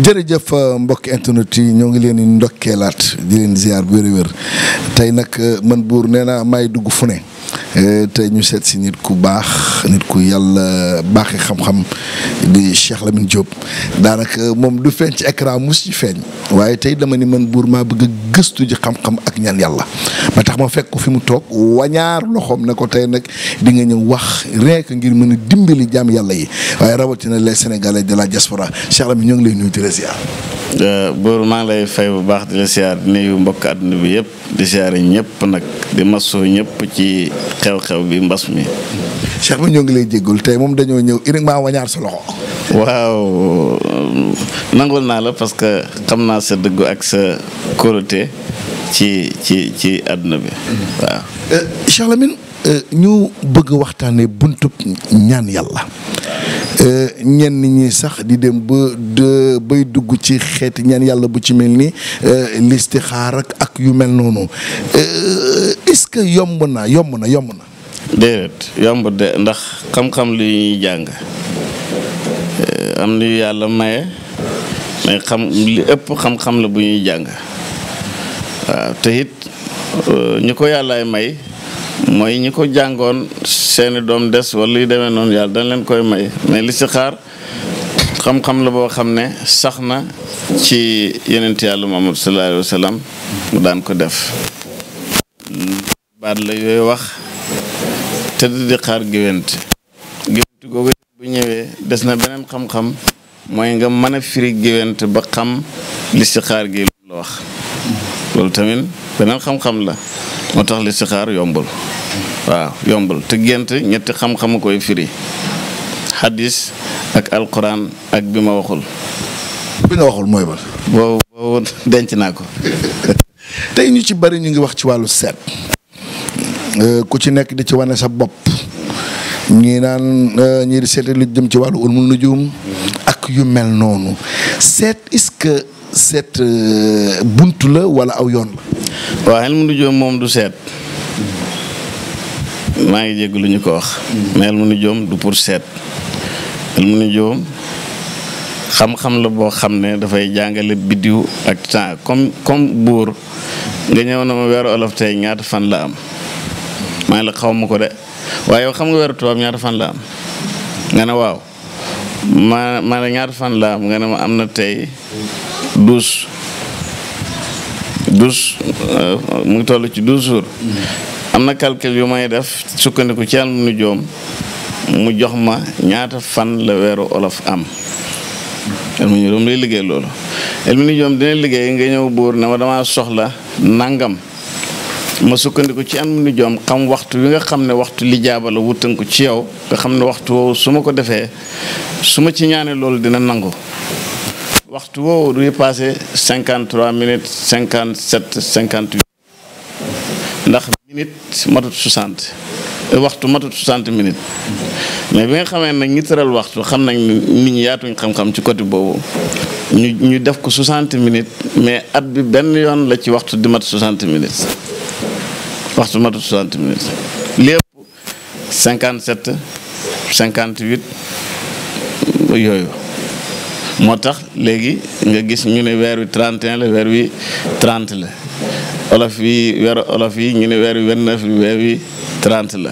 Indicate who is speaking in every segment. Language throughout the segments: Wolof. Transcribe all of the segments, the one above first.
Speaker 1: jërëjëf euh, mbokk internet yi ñoo ngi leen di ndokkeelaat di leen ziar wér-wér tey nag euh, man buur nee naa maay dugg fu ne Euh, te ñu seet si nit ku baax nit ku yàlla baaxee xam-xam di Cheikh Lamine daanaka moom du feeñ ci écran mu ci feeñ waaye tey dama ni man buur maa bëgg a gëstu ji xam-xam ak ñaan yàlla ba tax ma fekk ko fi mu toog wañaar loxoom ne ko tey nag di nga ñëw wax rien que ngir mën a dimbali jaam yàlla yi waaye rawatina les sénégalais de la diaspora Cheikh Lamine ñoo ngi lay nuyu di la ziar
Speaker 2: Euh, buur maa ngi lay fay bu baax di la siyaar di nuyu mbokk àdduna bi yëpp di siyaare ñëpp nag di masu ñëpp ci xew-xew bi mbas mi.
Speaker 1: Cheikh bi ñoo ngi lay jéggul tey moom dañoo ñëw uniquement wañaar sa loxo.
Speaker 2: waaw nangul naa la parce que xam naa sa dëggu ak sa kóolute ci ci ci àdduna bi waaw.
Speaker 1: Euh, Cheikh Lamine euh, ñu bëgg waxtaanee buntub ñaan yàlla. Euh, ñenn ñi sax di dem ba de bay dugg ci xeeti ñaan yàlla bu ci mel ni euh, listixaar ak ak yu mel noonu euh, est-ce que yomb na yomb na yomb na.
Speaker 2: déedéet yomb de ndax xam-xam li ñuy jàng am lu yàlla maye mais xam li ëpp xam-xam la bu ñuy jàng waaw te ñu ko yàllaay may. mooy ñi ko jàngoon seeni doom des wala luy demee noonu yàlla dañ leen koy may mais listixaar xam-xam la boo xam ne sax na ci yenent yàlla Muhammad sallallahu alayhi wa sallam daan ko def baat la yooyu wax te di xaar géwént géwént googu bu ñëwee des na beneen xam-xam mooy nga mën a firi géwént ba xam listixaar gi la wax loolu tamit beneen xam-xam la moo tax listixaar yombul waaw yombul te gent ñetti xam-xam koy firi xadis ak alquran ak bi ma waxul.
Speaker 1: bi nga waxul mooy ba. boobu denc naa ko. tey ñu ci bari ñu ngi wax ci wàllu seet. Euh, ku ci nekk di ci wane sa bopp. ñii naan euh, ñi di seete lu jëm ci wàllu ulmu nujum ak yu mel noonu seet est que. seet euh, bunt la wala aw yoon la. waaw
Speaker 2: xel mu nujum moom du seet maa ngi jégg lu ñu ko wax. mais xel mu nujum du pour seet xel mu nujum xam-xam la boo xam ne dafay jàngale biddiw ak temps comme buur nga ñëw na ma weeru olof tey ñaata fan la am maa ngi la xaw ma ko de waaye xam nga weeru tubaab ñaata fan la am nga ne waaw ma ma ne ñaata fan la am nga ne ma am na tey. douze douze mu ngi toll ci douze jours am na calcul yu may def sukkandiku ci àlmu nu joom mu jox ma ñaata fan la weeru olof am elmu nu joom liggéey loolu elmu nu joom dina liggéey nga ñëw buur ne ma dama soxla nangam ma sukkandiku ci am ni joom xam waxtu wi nga xam ne waxtu li jaaba la wutanku ci yow nga xam ne waxtu woowu su ma ko defee su ma ci ñaanee loolu dina nangu waxtu woowu du passé cinquante trois minutes cinquante sept cinquante huit ndax minute matut soixante waxtu matut soixante minutes mais bi nga xamee nag ñi tëral waxtu xam nañ nit ñi yaatuñ xam-xam ci côté boobu ñu ñu def ko soixante minutes mais at bi benn yoon la ci waxtu di mat soixante minutes waxtu matut soixante minutes lépp cinquante sept yooyu. moo tax léegi nga gis ñu ne weer wi 31 la weer wi trent la olof yi weer olof yi ñu ne weer wi 29 la la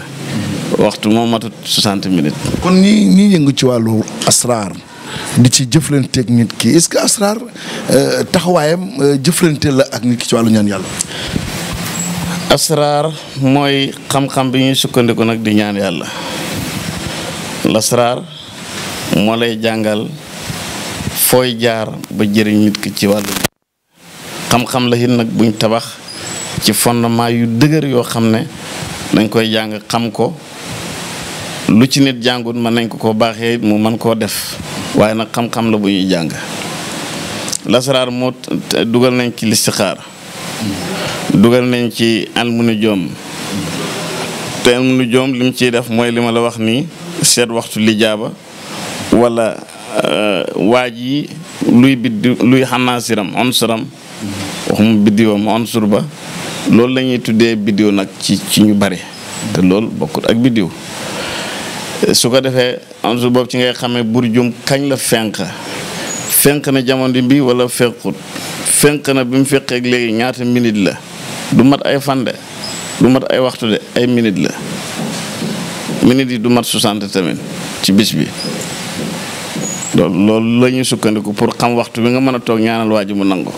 Speaker 2: waxtu moom matut 60 minutes.
Speaker 1: kon ñi ñi yëngu ci wàllu asraar di ci jëflanteeg nit ki est-ce que asraar euh, taxawaayam euh, jëflante la ak nit ki ci wàllu ñaan yàlla.
Speaker 2: asraar mooy xam-xam bi ñuy sukkandiku nag di ñaan yàlla lasraar moo lay jàngal. fooy jaar ba jëriñ nit ki ci wàllu xam-xam la it nag buñ tabax ci fondement yu dëgër yoo xam ne dañ koy jàng xam ko lu ci nit jàngut mën nañ ko ko baaxee mu mën koo def waaye nag xam-xam la bu jàng lasaraar moo dugal nañ ci listixaar dugal nañ ci almu nu joom te almu lim ciy def mooy limala wax nii seet waxtu lijaaba wala Euh, waaj yi luy biddi luy xanaa siram on siram waxuma biddiwam on ba loolu lañuy tuddee biddiw nag ci ci ñu bari te loolu bokkut ak biddiw su ko defee on sur boobu ci ngay xamee burjum kañ la fenq fenq na jamono bi wala fenqut fenq na bi mu feqeeg léegi ñaata minute la du mat ay fande du mat ay waxtu de ay minute la minute yi du mat 60 tamit ci bis bi loolu la ñuy sukkandiku pour xam waxtu bi nga mën a toog ñaanal waaju mu nangu.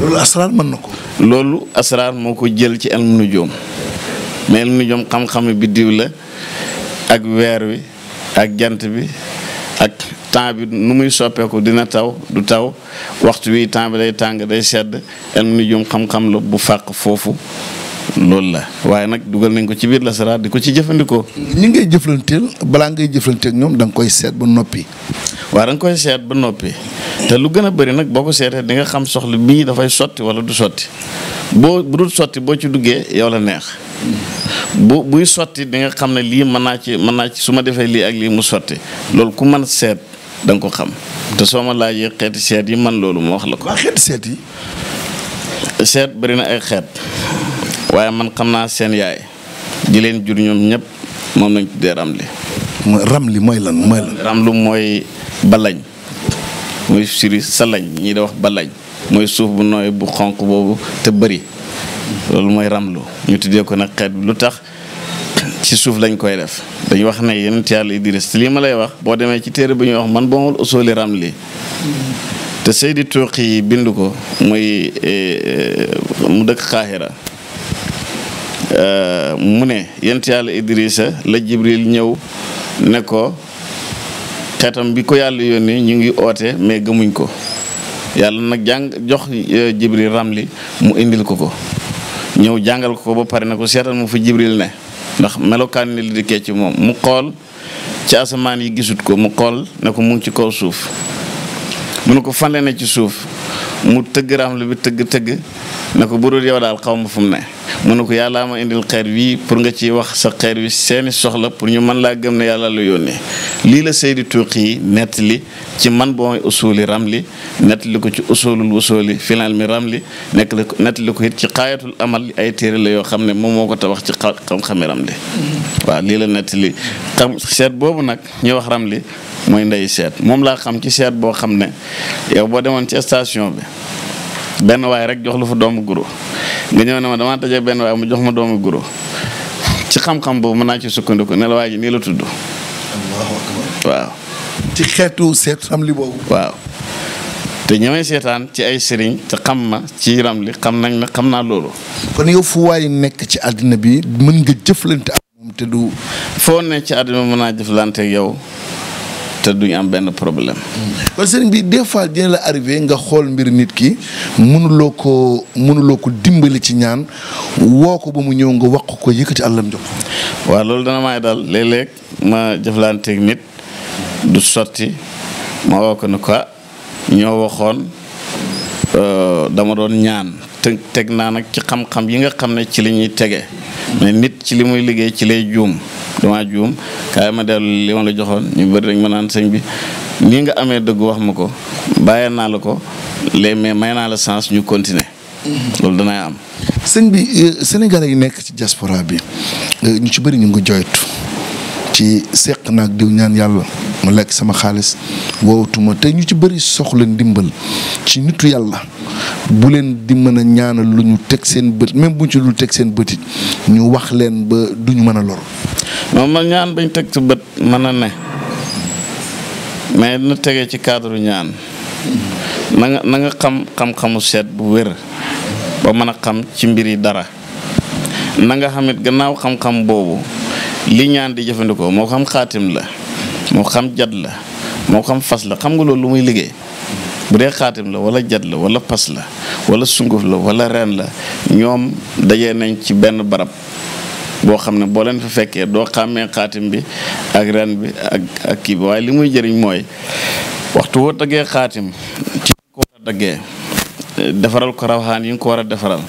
Speaker 1: loolu asraar mën na ko.
Speaker 2: loolu asraar moo ko jël ci elmu nujoom mais elmu nujoom xam-xami biddiw la ak weer wi ak jant bi ak temps bi nu muy soppeeku dina taw du taw waxtu wi temps bi day tàng day sedd elmu nujoom xam-xam la bu fàq foofu. loolu la waaye nag dugal nañ ko ci biir lasaraar di ko ci jëfandikoo.
Speaker 1: li ngay jëflanteel balaa ngay jëflanteeg ñoom danga koy seet ba noppi.
Speaker 2: waaw da koy seet ba noppi te lu gën a bari nag boo ko seetee di nga xam soxla bii dafay sotti wala du sotti boo bu dul sotti boo ci duggee yow la neex bu sotti di nga xam ne lii mën naa ci mën naa ci su ma defee lii ak lii mu sotti loolu ku mën seet da ko xam te soo ma laajee xeeti seet yi man loolu ma wax la ko. seet yi. seet bëri na ay xeet. waaye man xam naa seen yaay di leen jur ñoom ñëpp moom lañ tuddee ramli. mooy ramli mooy ramlu mooy balañ mooy suri salañ ñii da wax balañ mooy suuf bu nooy bu xonq boobu te bëri loolu mooy ramlu ñu tuddee ko nag xeet bi lu tax ci suuf lañ koy def dañu wax ne yonent yàlla Idris te lii ma lay wax boo demee ci téere bu ñuy wax man boo mul usooli ramli te Seydi Tuuqi yi bind ko muy eh, eh, mu dëkk Xaahira Euh, mu ne yent yàlla Idrissa la Jibril ñëw ne ko xeetam bi ko yàlla yónnee ñu ngi oote mais gëmuñ ko yàlla nag jàng jox euh, Jibril Ramli mu indil ko ko ñëw jàngal ko ba pare ne ko seetal mu fa Jibril ne ndax melokaan ni li dikkee ci moom mu xool ci asamaan yi gisut ko mu xool ne ko mu ci kaw suuf mu ne ko fande ne ci suuf mu tëgg Ramli bi tëgg tëgg ne ko bu dul yow daal xaw ma fu mu ne mu ne ko yàllaa ma indil xeer wii pour nga ci wax sa xeer wi seeni soxla pour ñu man laa gëm ne yàlla la yónnee lii la Seydi Tuuqi nettali ci man booy usuli ramli nettali ko ci usulul usuli final mi ramli nekk la nettali ko it ci xaayatul amal ay téere la yoo xam ne moom moo ko te wax ci xam-xami ramli waaw lii la nettali xam seet boobu nag ñuy wax ramli mooy ndey seet moom laa xam ci seet boo xam ne yow boo demoon ci station bi benn waay rek jox la fa doomu guro nga ñëw ne ma damaa tëjee benn waay mu jox ma doomu guro ci xam-xam boobu mën naa ci sukkandiku ne la waa ji nii la tudd. waaw.
Speaker 1: ci xeetu seet ramli boobu.
Speaker 2: waaw te ñooy seetaan ci ay sëriñ te xam ma ci ramli xam nañ la xam naa loolu.
Speaker 1: kon yow fu waay nekk ci àddina bi mën nga jëflante ak moom te du. foo ne
Speaker 2: ci àddina mën naa jëflante ak yow. te duñu am benn problème.
Speaker 1: kon sëriñ bi des fois dina la arrivé nga xool mbir nit ki mënuloo ko mënuloo ko dimbali ci ñaan woo ko ba mu ñëw nga wax ko yëkkati àllam jox.
Speaker 2: waa loolu dana may dal léeg-léeg ma jëflanteeg nit du sotti ma woo ko ne ko ah, ñoo waxoon euh, dama doon ñaan te teg naa nag ci xam-xam yi nga xam ne ci li ñuy tege mais nit ci li muy liggéey ci lay juum dama juum kaay ma dellu li ma la joxoon ñu bari dañ ma naan sëñ bi nii nga amee dëgg wax ma ko bàyyee naa la ko léegi mais may naa la chance ñu continuer loolu danay am.
Speaker 1: sëñ bi euh, sénégalais yi nekk ci diaspora bi euh, ñu ci bari ñu ngi joytu ci seq naag diw ñaan yàlla mu lekk sama xaalis woowatuma te ñu ci bëri soxla ndimbal ci nitu yàlla. buleen di mën a ñaana lu ñu teg seen bët même bu ñu ci teg seen bëtit ñu wax leen ba du ñu mën a lor.
Speaker 2: moom ma ñaan bañ teg ci bët mën a ne mais na tegee ci cadre ñaan na nga xam xam-xamu seet bu wér ba mën a xam ci mbir yi dara na nga xamit gannaaw xam-xam boobu li ñaan di jëfandikoo moo xam xaatim la moo xam jat la moo xam fas la xam nga loolu lu muy liggéey. bu dee xaatim la wala jat la wala pas la wala sunguf la wala ren la ñoom dajee nañ ci benn barab boo xam ne boo leen fa fekkee doo xàmmee xaatim bi ak ren bi ak ak kii bi waaye li muy jëriñ mooy waxtu woo daggee xaatim ci ko war a daggee defaral ko rawxaan yi nga ko war a defaral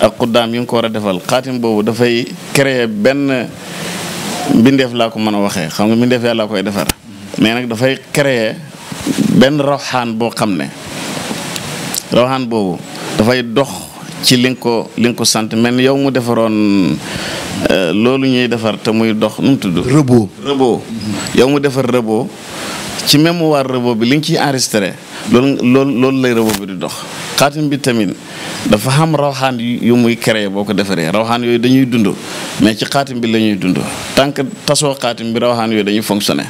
Speaker 2: ak xuddaam yi nga ko war a defal xaatim boobu dafay créer benn mbindeef laa ko mën a waxee xam nga mbindeef yàlla koy defar mais nag dafay créer benn rawxaan boo xam ne rawxaan boobu dafay dox ci li ko li nga ko sant mel yow mu defaroon euh, loolu ñuy defar te muy dox nu mu tudd. rëboo rëboo yow mu defar rëboo ci mu mémoire rëboo bi li nga ciy enregistré loolu loolu loolu lay rëboo bi di dox. xaatim bi tamit dafa xam rawxaan yu muy créé boo ko defaree rawxaan yooyu dañuy dund mais ci xaatim bi la ñuy dund tant que tasoo xaatim bi rawxaan yooyu dañuy fonctionné.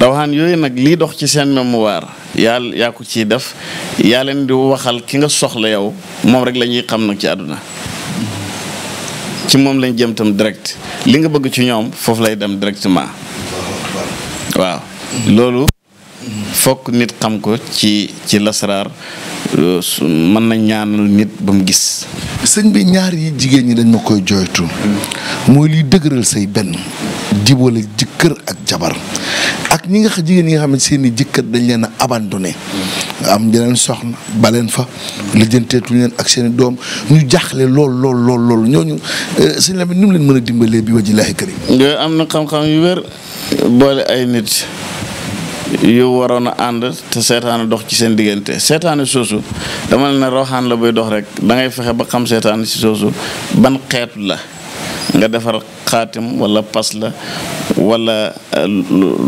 Speaker 2: rawaxaan yooyu nag lii dox ci seen mémoire yaa yaa ko ciy def yaa leen di waxal ki nga soxla yow moom rek la ñuy xam nag ci àdduna ci moom lañ jëm tam direct li nga bëgg ci ñoom foofu lay dem directement waaw loolu fokk nit xam ko ci ci lasaraar euh, mën na ñaanal nit ba mu gis
Speaker 1: sëñ bi ñaar yi jigéen ñi dañ ma koy jooytu mooy liy dëgëral say benn jibale jëkkër ak jabar ak ñi nga xam jigéen ñi nga xam ne seen i jëkkër dañ leen a abandonné. am jeneen soxna baleen fa. lijjanteetuñ leen ak seen doom ñu jaaxle lool lool lool lool ñooñu euh, sëñ Lamine ni mu leen mën a dimbalee bi wajilaahi karim.
Speaker 2: yooyu am na xam-xam yu wér boole ay nit. yu waroon a ànd te seetaan dox ci seen diggante seetaane soosu dama ne na la buy dox rek da ngay fexe ba xam seetaan si soosu ban xeet la nga defar xaatim wala pas la wala euh,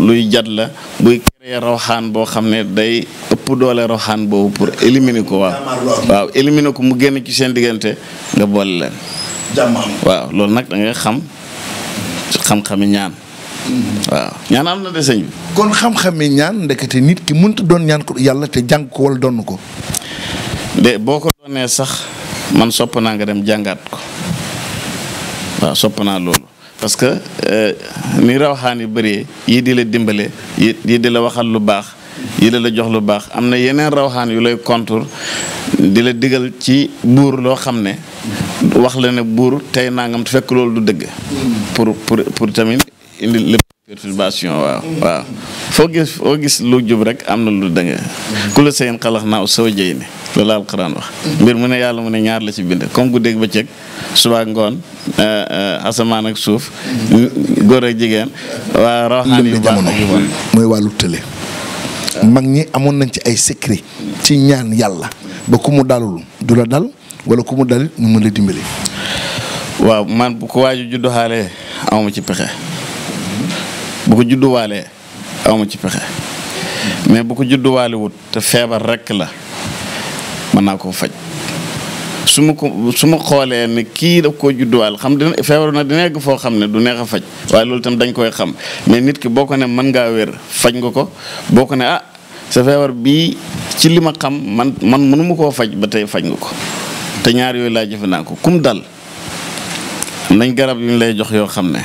Speaker 2: luy jat la buy créer rawxaan boo xam ne day ëpp doole rawxaan boobu pour éliminer ko waaw waaw éliminer ko mu génn ci seen diggante nga boole leen waaw loolu nag da xam xam-xami ñaan mm-hmm. waaw
Speaker 1: ñaan am na de sëñ bi kon xam-xami ñaan ndekete nit ki mënta doon ñaan ko yàlla te jàng ko ko de boo ko doonee sax man
Speaker 2: sopp naa nga dem jàngaat ko waaw sopp naa loolu parce que euh, ni rawaxaan yu bëree yii di la dimbale yii di la waxal lu baax yii di la jox lu baax am na yeneen rawaxaan yu lay contour di la digal ci buur loo xam ne wax la ne buur tey nangam te fekk loolu du dëgg pour pour pour tamit indi lépp perturbation waaw waaw foo gis lu jub rek am na lu dëng ku la seen xalax naaw soo jëy ne loolu alquran wax mbir mu ne yàlla mu ne ñaar la ci bind comme guddeeg bëccëg suba ngoon euh, euh, asamaan ak suuf góor ak jigéen waa rawaxaan yu baax ak
Speaker 1: mooy wàllu tële mag ñi amoon nañ ci ay secret ci ñaan yàlla ba ku mu dalul du la dal wala ku mu dalit ñu mën la dimbali
Speaker 2: waaw man bu ko waaju juddu xaalee awma ci pexe bu ko judduwaalee awma ci pexe mais bu ko judduwaale wut te feebar rekk la mën naa koo faj su ma ko su ma xoolee ne kii da koo judduwaal xam dina feebar na dina yegg foo xam ne du neex a faj waaye loolu tam dañ koy xam mais nit ki boo ko ne mën ngaa wér faj nga ko boo ko ne a ah, sa feebar bii ci li ma xam man man mënu koo faj ba tey faj nga ko te ñaar yooyu laa jëfe naa ko kum dal nañ garab yu ñu lay jox yoo xam ne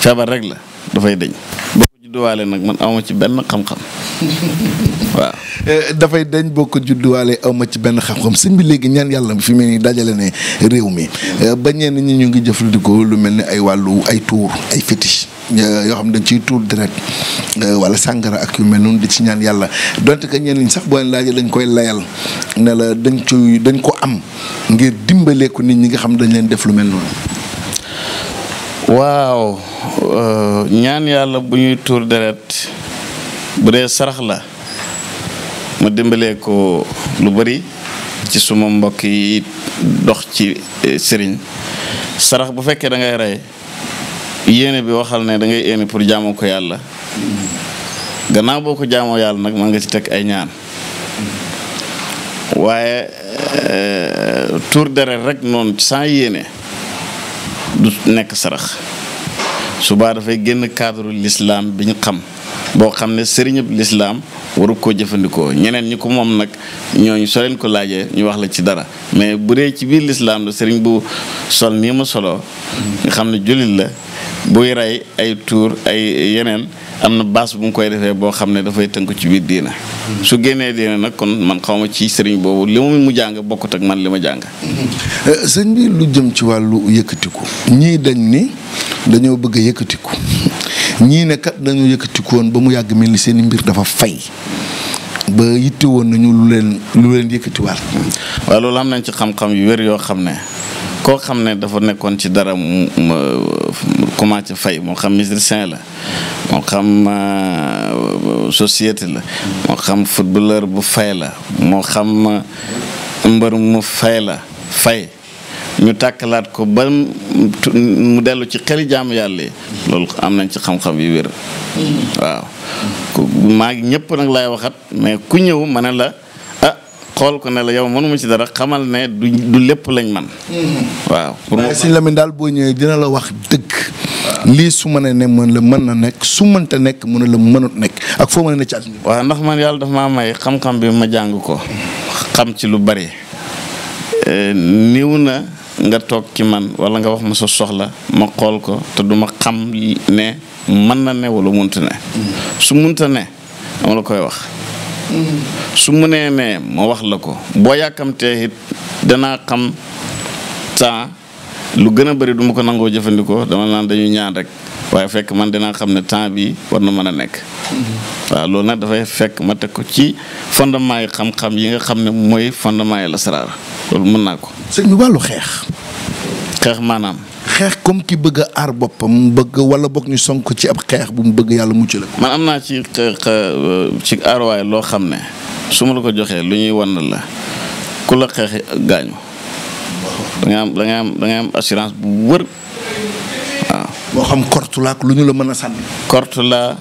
Speaker 2: feebar rek la dafay deñ boo ko judduwaale nag man awma ci benn xam-xam
Speaker 1: waaw. Eh, dafay dañ bokk judduwaale aw ma ci benn xam-xam sëñ bi léegi ñaan yàlla fi mu ne dajale ne réew mi eh, ba ñenn ñi ñu ngi jëfandikoo lu mel ni ay wàllu ay tuur ay fétiche eh, yoo xam dañ ciy tuur direct wala sàngara ak yu mel noonu di ci ñaan yàlla donte que ñenn ñi sax boo leen laajee dañ koy layal nela dañ ci dañ ko am ngir dimbaleeku nit ñi nga xam dañ leen def lu mel noonu.
Speaker 2: waaw ñaan yàlla bu ñuy tuur deret bu dee sarax la ma dimbalee ko lu bari ci suma mbokk yi dox ci eh, sëriñ sarax bu fekkee da ngay rey yéene bi waxal ne dangay ngay pour jaamoo ko yàlla gannaaw boo ko jaamoo yàlla nag mën nga ci teg ay ñaan waaye eh, tour deret rek noonu sans yéene du nekk sarax subaa dafay génn cadre l'islam bi ñu xam boo xam ne sëriñëb lislaam waru ko jëfandikoo ñeneen ñi ko moom nag ñooñu soo leen ko laajee ñu wax la ci dara mais bu dee ci biir lislaam la sëriñ bu sol nii ma solo nga xam ne jullit la buy rey ay tuur ay yeneen am na baas bu mu koy defee boo xam ne dafay tënk ci biir diina su génnee diina nag kon man xawma ci sëriñ boobu li mu jàng bokkut ak man li ma jàng
Speaker 1: euh, sëñ bi lu jëm ci wàllu yëkkatiku ñii dañ ni dañoo bëgg yëkkatiku ñii ne kat dañoo yëkkatikoon ba mu yàgg mel ni seen i mbir dafa fay ba yitte woon nañu lu leen lu leen yëkkatiwaat.
Speaker 2: waaw loolu am nañ ci xam-xam yu wér yoo xam ne koo xam ne dafa nekkoon ci dara mu commencé fay moo xam musicien la moo xam euh, société la moo xam footballeur bu fay la moo xam mbër mu fay la fay. ñu tàkkalaat ko ba mu dellu ci xeli jàmm yàlla loolu am nañ ci xam-xam yu wér waaw maa ngi ñëpp nag laay waxat mais ku ñëw ma ne la ah, xool ko ne la yow mënuma ci dara xamal ne du du lépp lañ
Speaker 1: man waaw pour mu si daal boo ñëwee dina la wax dëgg lii su ma ne mën la mën na nekk su mënta nekk mën la mënut nekk ak foo mën ne ci àdduna
Speaker 2: waaw ndax man yàlla daf maa may xam-xam bi ma jàng ko xam ci lu bari eh, niw na nga toog ci man wala nga wax ma sa soxla ma xool ko te duma xam ne mën na ne wala munta ne su munta ne dama la koy wax su mu nee ne ma wax la ko boo yàkkamtee it danaa xam temps lu gën a bëri du ko nangoo jëfandikoo dama naan dañuy ñaan rek waaye fekk man dinaa xam ne temps bi war na mën a nekk. waaw loolu nag dafay fekk ma teg ko ci fondement yi xam-xam yi nga xam ne mooy fondement yi lasaraar loolu mën naa ko.
Speaker 1: sëñ wàllu xeex. xeex maanaam. xeex comme ki bëgg a boppam bëgg wala boog ñu sonk ci ab xeex bu mu bëgg yàlla mucc la.
Speaker 2: man am naa ci euh, ci aarwaay loo xam ne su ma la ko joxee lu ñuy wan la ku la xeex gaañu. da ngay am am assurance bu wër waaw.
Speaker 1: moo xam korte la ak lu ñu la mën a sànni.
Speaker 2: korte la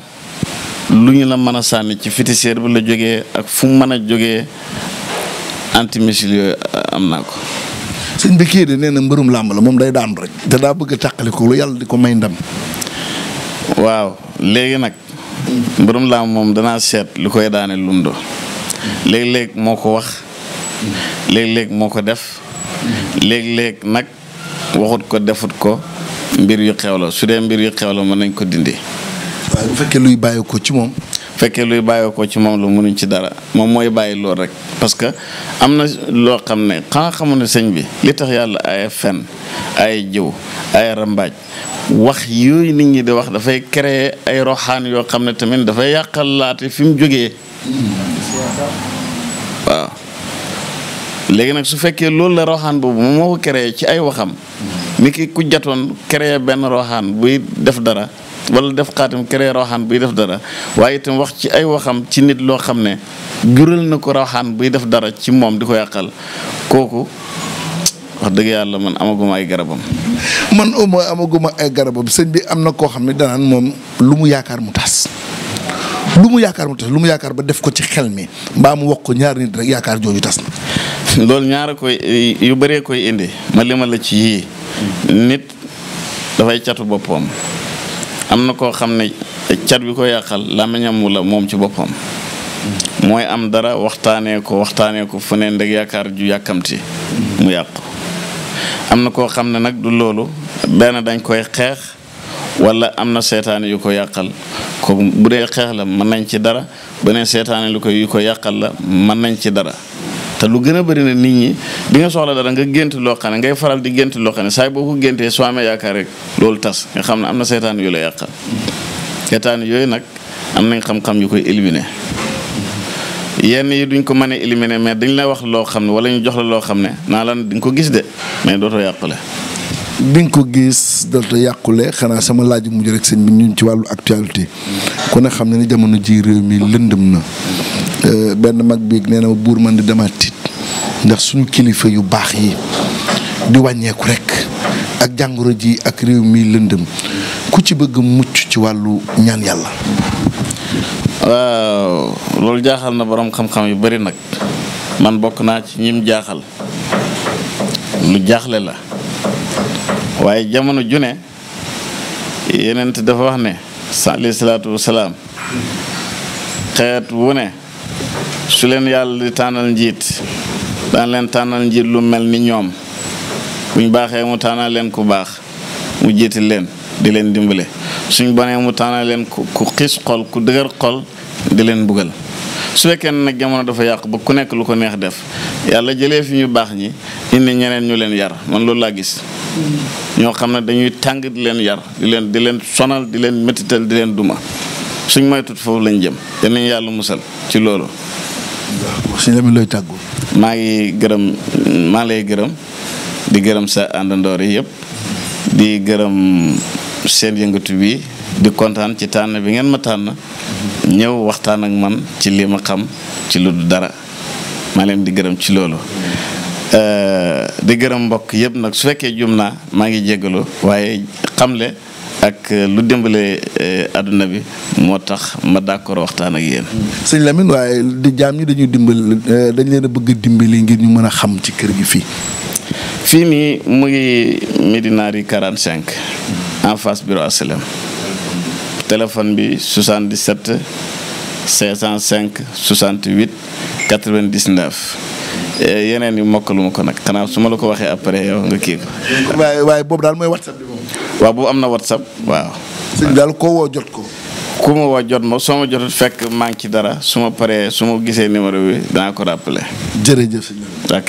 Speaker 2: lu ñu la mën a sànni ci féticheur bi la jógee ak fu mën a jógee antimissile yooyu uh, am naa ko.
Speaker 1: sëñ bi de nee na mbërum làmb la moom day daan rek. te daa bëgg a tàqali yàlla di ko may ndam.
Speaker 2: waaw léegi nag. mbërum làmb moom danaa seet lu koy daane lundo léeg-léeg moo ko wax léeg-léeg moo ko def. léegi léeg nag waxut ko defut ko mbir yu xew su dee mbir yu xew la mën nañ ko dindi. waaye
Speaker 1: bu fekkee luy bàyyi ko ci moom.
Speaker 2: fekkee luy bàyyi ko ci moom lu mënuñ ci dara moom mooy bàyyi lool rek parce que am na loo xam ne xanaa xamu ne sëñ bi li tax yàlla ay fen ay jëw ay rambaaj wax yooyu nit ñi di wax dafay créer ay roxaan yoo xam ne tamit dafay yàqal laate fi mu jógee. léegi nag su fekkee loolu la roxaan boobu moom moo ko créé ci ay waxam mi ki ku jatoon créé benn roxaan buy def dara wala def xaatim créé roxaan buy def dara waaye itam wax ci ay waxam ci nit loo xam ne jural na ko roxaan buy def dara ci moom di ko yàqal kooku wax dëgg yàlla man amaguma ay garabam.
Speaker 1: man au amaguma ay garabam sëñ bi am na koo xam ne danaan moom lu mu yaakaar mu tas lu mu yaakaar mu tas lu mu ba def ko ci xel mi mbaa mu wax ñaar nit rek yaakaar jooju tas na.
Speaker 2: loolu ñaara koy yu bëree koy indi ma limal la ci yii nit dafay catu boppam am na koo xam ne cat bi ko yàqal làmmiñam la moom ci boppam mooy am dara waxtaanee ko waxtaanee ko fu ne ndeg yaakaar ju yàkkamti mu yàqu am na koo xam ne nag du loolu benn dañ koy xeex walla am na seetaane yu ko yàqal ko dee xeex la mën nañ ci dara beneen seetaan lu ko yu ko yàqal la mën nañ ci dara te lu gën a bëri na nit ñi bi nga soxla dara nga gént loo xam ne ngay faral di gént loo xam ne saay boo ko géntee soo amee yaakaar rek loolu tas nga xam ne am na seytaan yu la yàqal seytaan yooyu nag am nañ xam yu koy éliminer yenn yi duñ ko mën a éliminer mais dañ la wax loo xam ne wala ñu jox loo xam ne naa la di ko gis de mais dootoo yàqule
Speaker 1: bi nga ko gis dootoo yàqule xanaa sama laaj mujj rek sëñ bi ñun ci wàllu actualité kon ne xam ne ni jamono ji réew mi lëndëm na Euh, benn mag bi nee na buur man di dama tiit ndax suñu kilifa yu baax yi di wàññeeku rekk ak jàngoro ji ak réew mii lëndëm ku ci bëgg mucc ci wàllu ñaan yàlla.
Speaker 2: waaw loolu jaaxal na boroom xam-xam yu bari nag man bokk naa ci ñim jaaxal lu jaaxle la waaye jamono ju ne dafa wax ne. alayhi salaatu wasalaam xeet wu ne. su leen yàlla di tànnal njiit daan leen tànnal njiit lu mel ni ñoom bu ñu baaxee mu tànnal leen ku baax mu jiiti leen di leen dimbale suñ bonee mu tànnal leen ku xis xol ku dëgër xol di leen bugal su fekkee ne nag dafa yàqu ba ku nekk lu ko neex def yàlla jëlee fi ñu baax ñi indi ñeneen ñu leen yar man loolu laa gis ñoo xam ne dañuy tàng di leen yar di leen di leen sonal di leen métital di leen duma suñ moytut foofu lañ jëm danañ yàlla musal ci loolu
Speaker 1: si Lamine looy tàggu.
Speaker 2: maa ngi gërëm maa lay gërëm di gërëm sa àndandoor yi yëpp di gërëm seen yëngatu bi di kontaan ci tànn bi ngeen ma tànn ñëw waxtaan ak man ci li ma xam ci lu dara maa leen di gërëm ci loolu. Euh, di gërëm mbokk yëpp nag su fekkee jum naa maa ngi jégalu waaye xamle ak euh, lu dimbale euh, àdduna bi moo tax ma d'accord waxtaan ak yéen.
Speaker 1: sëñ Lamine waaye di jaam ñi dañuy dimbali euh, dañ leen a bëgg dimbali ngir ñu mën a xam ci kër gi fii. fii
Speaker 2: nii mu ngi Médinari 45 en face bureau Asalem téléphone bi 77 505 68 99. Eh, yeneen yi mokkaluma ko nag xanaa su ma la ko waxee après yow nga kii ko.
Speaker 1: waaye waaye boobu daal mooy whatsapp bi moom.
Speaker 2: waaw boobu am na whatsapp waaw. sëñ daal koo woo jot ko. ku ma woo jot ma soo ma jotut fekk maa ngi ci dara su ma paree su ma gisee numéro bi danaa ko rappeler. jërëjëf sëñ